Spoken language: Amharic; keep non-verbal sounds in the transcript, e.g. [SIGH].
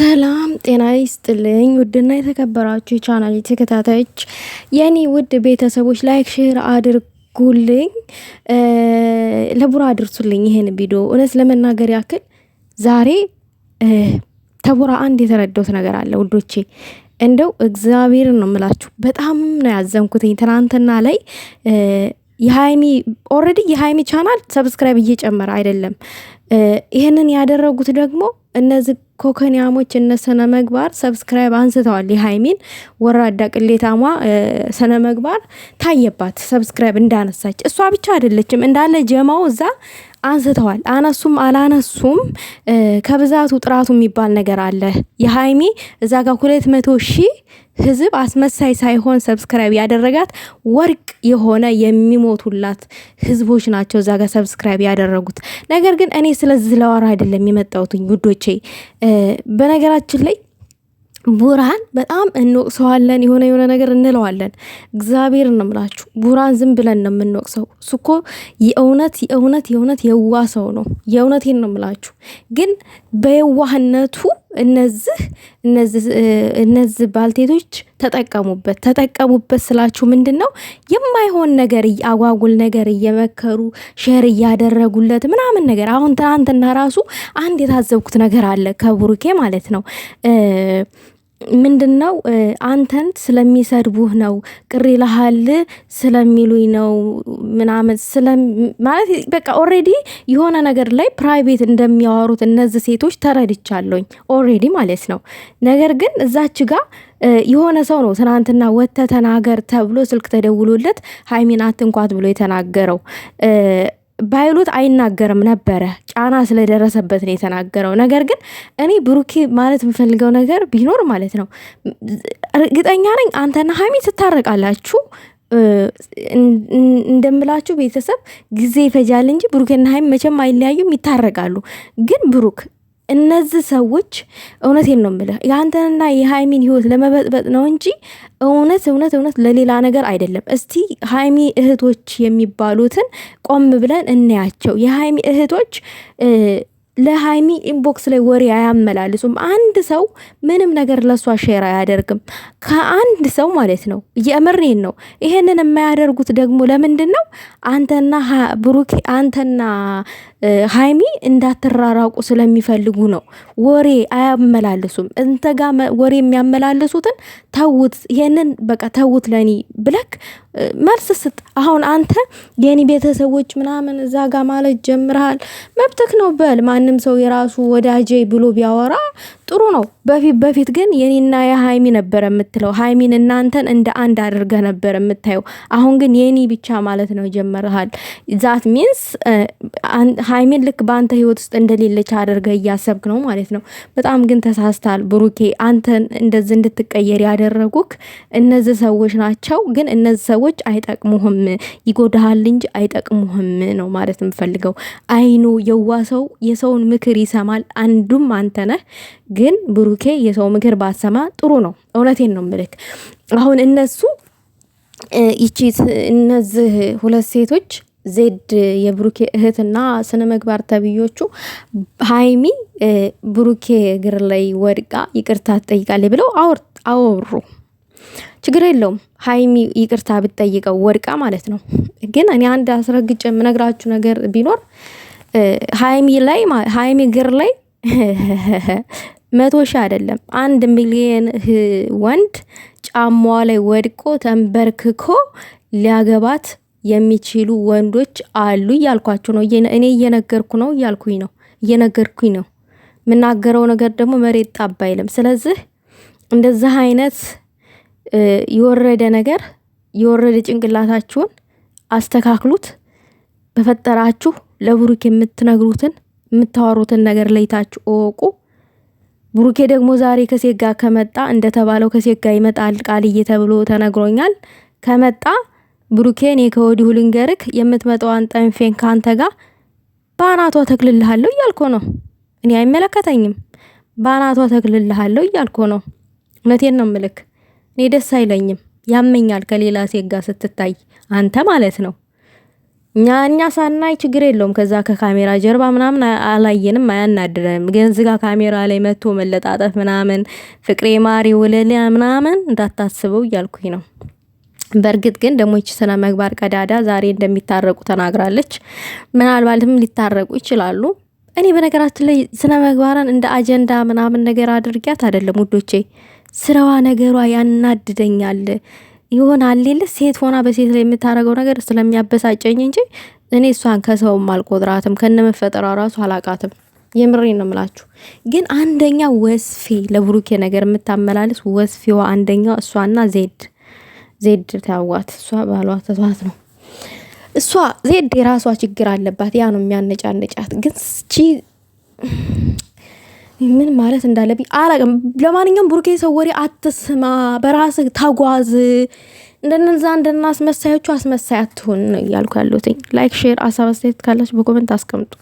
ሰላም ጤና ይስጥልኝ። ውድና የተከበራችሁ የቻናል ተከታታዮች የኔ ውድ ቤተሰቦች ላይክ፣ ሼር አድርጉልኝ፣ ለቡራ አድርሱልኝ ይሄን ቪዲዮ። እውነት ለመናገር ያክል ዛሬ ተቡራ አንድ የተረዳሁት ነገር አለ ውዶቼ እንደው እግዚአብሔር ነው የምላችሁ። በጣም ነው ያዘንኩትኝ። ትናንትና ላይ የሀይሚ ኦልሬዲ የሀይሚ ቻናል ሰብስክራይብ እየጨመረ አይደለም። ይህንን ያደረጉት ደግሞ እነዚህ ኮከኒያሞች እነ ስነ ሰብስክራይብ አንስተዋል። የሀይሚን ወራዳ ቅሌታሟ ስነ መግባር ታየባት፣ ሰብስክራይብ እንዳነሳች እሷ ብቻ አይደለችም እንዳለ ጀማው እዛ አንስተዋል። አነሱም አላነሱም ከብዛቱ ጥራቱ የሚባል ነገር አለ። የሀይሚ እዛ ጋር ሁለት መቶ ሺህ ህዝብ አስመሳይ ሳይሆን ሰብስክራይብ ያደረጋት ወርቅ የሆነ የሚሞቱላት ህዝቦች ናቸው እዛ ጋር ሰብስክራይብ ያደረጉት። ነገር ግን እኔ ስለዚህ ለዋራ አይደለም የመጣሁት ውዶቼ በነገራችን ላይ ቡራን በጣም እንወቅሰዋለን፣ የሆነ የሆነ ነገር እንለዋለን። እግዚአብሔር ነው ምላችሁ፣ ቡራን ዝም ብለን ነው የምንወቅሰው። እሱ እኮ የእውነት የእውነት የእውነት የዋ ሰው ነው። የእውነቴን ነው ምላችሁ፣ ግን በየዋህነቱ እነዚህ እነዚህ ባልቴቶች ተጠቀሙበት ተጠቀሙበት ስላችሁ ምንድን ነው የማይሆን ነገር አጓጉል ነገር እየመከሩ ሼር እያደረጉለት ምናምን ነገር። አሁን ትናንትና ራሱ አንድ የታዘብኩት ነገር አለ ከብሩኬ ማለት ነው ምንድን ነው አንተን ስለሚሰድቡህ ነው ቅር ይልሃል ስለሚሉኝ ነው ምናምን ማለት በቃ ኦሬዲ የሆነ ነገር ላይ ፕራይቬት እንደሚያወሩት እነዚህ ሴቶች ተረድቻለኝ ኦሬዲ ማለት ነው። ነገር ግን እዛች ጋ የሆነ ሰው ነው ትናንትና ወጥተ ተናገር ተብሎ ስልክ ተደውሎለት ሀይሚን አትንኳት ብሎ የተናገረው። ባይሉት አይናገርም ነበረ። ጫና ስለደረሰበት ነው የተናገረው። ነገር ግን እኔ ብሩኬ ማለት የምፈልገው ነገር ቢኖር ማለት ነው እርግጠኛ ነኝ አንተና ሀሚ ትታረቃላችሁ እንደምላችሁ ቤተሰብ ጊዜ ይፈጃል እንጂ ብሩክና ሀይም መቼም አይለያዩም፣ ይታረቃሉ። ግን ብሩክ እነዚህ ሰዎች እውነቴን ነው የምልህ የአንተንና የሀይሚን ህይወት ለመበጥበጥ ነው እንጂ እውነት እውነት እውነት ለሌላ ነገር አይደለም። እስቲ ሀይሚ እህቶች የሚባሉትን ቆም ብለን እናያቸው። የሀይሚ እህቶች ለሀይሚ ኢንቦክስ ላይ ወሬ አያመላልሱም። አንድ ሰው ምንም ነገር ለሷ ሼር አያደርግም ከአንድ ሰው ማለት ነው። የምሬን ነው። ይሄንን የማያደርጉት ደግሞ ለምንድን ነው? አንተና ብሩክ አንተና ሀይሚ እንዳትራራቁ ስለሚፈልጉ ነው። ወሬ አያመላልሱም። እንተ ጋ ወሬ የሚያመላልሱትን ተውት፣ ይህንን በቃ ተውት ለኒ ብለክ መልስ ስጥ። አሁን አንተ የኒ ቤተሰቦች ምናምን እዛ ጋ ማለት ጀምረሃል፣ መብትክ ነው። በል ማንም ሰው የራሱ ወዳጄ ብሎ ቢያወራ ጥሩ ነው። በፊት በፊት ግን የኔና የሀይሚ ነበር የምትለው ሀይሚን እናንተን እንደ አንድ አድርገ ነበር የምታየው። አሁን ግን የኔ ብቻ ማለት ነው ጀመርሃል። ዛት ሚንስ ሀይሚን ልክ በአንተ ህይወት ውስጥ እንደሌለች አድርገ እያሰብክ ነው ማለት ነው። በጣም ግን ተሳስታል ብሩኬ። አንተን እንደዚህ እንድትቀየር ያደረጉክ እነዚህ ሰዎች ናቸው። ግን እነዚህ ሰዎች አይጠቅሙህም፣ ይጎዳሃል እንጂ አይጠቅሙህም ነው ማለት የምፈልገው። አይኑ የዋ ሰው የሰውን ምክር ይሰማል። አንዱም አንተ ነህ። ግን ብሩኬ የሰው ምክር ባሰማ ጥሩ ነው። እውነቴን ነው ምልክ አሁን እነሱ ይቺ እነዚህ ሁለት ሴቶች ዜድ የብሩኬ እህትና ስነ ምግባር ተብዮቹ ሀይሚ ብሩኬ እግር ላይ ወድቃ ይቅርታ ትጠይቃለች ብለው አወሩ። ችግር የለውም ሀይሚ ይቅርታ ብትጠይቀው ወድቃ ማለት ነው። ግን እኔ አንድ አስረግጬ የምነግራችሁ ነገር ቢኖር ሀይሚ ላይ ሀይሚ እግር ላይ [LAUGHS] መቶ ሺህ አይደለም አንድ ሚሊየን ወንድ ጫማዋ ላይ ወድቆ ተንበርክኮ ሊያገባት የሚችሉ ወንዶች አሉ እያልኳችሁ ነው። እኔ እየነገርኩ ነው እያልኩኝ ነው እየነገርኩኝ ነው። የምናገረው ነገር ደግሞ መሬት ጣባ አይልም። ስለዚህ እንደዚህ አይነት የወረደ ነገር የወረደ ጭንቅላታችሁን አስተካክሉት። በፈጠራችሁ ለብሩክ የምትነግሩትን የምታወሩትን ነገር ለይታችሁ እወቁ። ብሩኬ ደግሞ ዛሬ ከሴት ጋር ከመጣ እንደተባለው ከሴት ጋር ይመጣል ቃልዬ ተብሎ ተነግሮኛል። ከመጣ ብሩኬ እኔ ከወዲሁ ልንገርክ የምትመጣዋን ጠንፌን ከአንተ ጋር በአናቷ ተክልልሃለሁ እያልኮ ነው። እኔ አይመለከተኝም፣ በአናቷ ተክልልሃለሁ እያልኮ ነው። እውነቴን ነው ምልክ። እኔ ደስ አይለኝም፣ ያመኛል ከሌላ ሴት ጋር ስትታይ አንተ ማለት ነው። እኛ እኛ ሳናይ ችግር የለውም። ከዛ ከካሜራ ጀርባ ምናምን አላየንም፣ አያናድረንም። ግን እዚጋ ካሜራ ላይ መቶ መለጣጠፍ ምናምን ፍቅሬ ማሪ ወለሊያ ምናምን እንዳታስበው እያልኩኝ ነው። በእርግጥ ግን ደግሞ ይች ስነ መግባር ቀዳዳ ዛሬ እንደሚታረቁ ተናግራለች። ምናልባትም ሊታረቁ ይችላሉ። እኔ በነገራችን ላይ ስነ መግባራን እንደ አጀንዳ ምናምን ነገር አድርጊያት አይደለም ውዶቼ፣ ስራዋ ነገሯ ያናድደኛል። ይሆናል አሌለ ሴት ሆና በሴት ላይ የምታደርገው ነገር ስለሚያበሳጨኝ እንጂ እኔ እሷን ከሰውም አልቆጥራትም። ከነመፈጠሯ ራሱ አላቃትም። የምሬ ነው ምላችሁ። ግን አንደኛ ወስፌ ለብሩኬ ነገር የምታመላልስ ወስፌዋ አንደኛ እሷና ዜድ ዜድ ታዋት እሷ ባሏ ተቷት ነው እሷ ዜድ የራሷ ችግር አለባት። ያ ነው የሚያነጫነጫት ግን ቺ ምን ማለት እንዳለብኝ አላቅም። ለማንኛውም ብሩኬ ሰው ወሬ አትስማ፣ በራስ ተጓዝ። እንደነዛ እንደና አስመሳዮቹ አስመሳይ አትሁን ነው እያልኩ ያሉትኝ። ላይክ፣ ሼር፣ አሳብ አስተያየት ካላችሁ በኮመንት አስቀምጡ።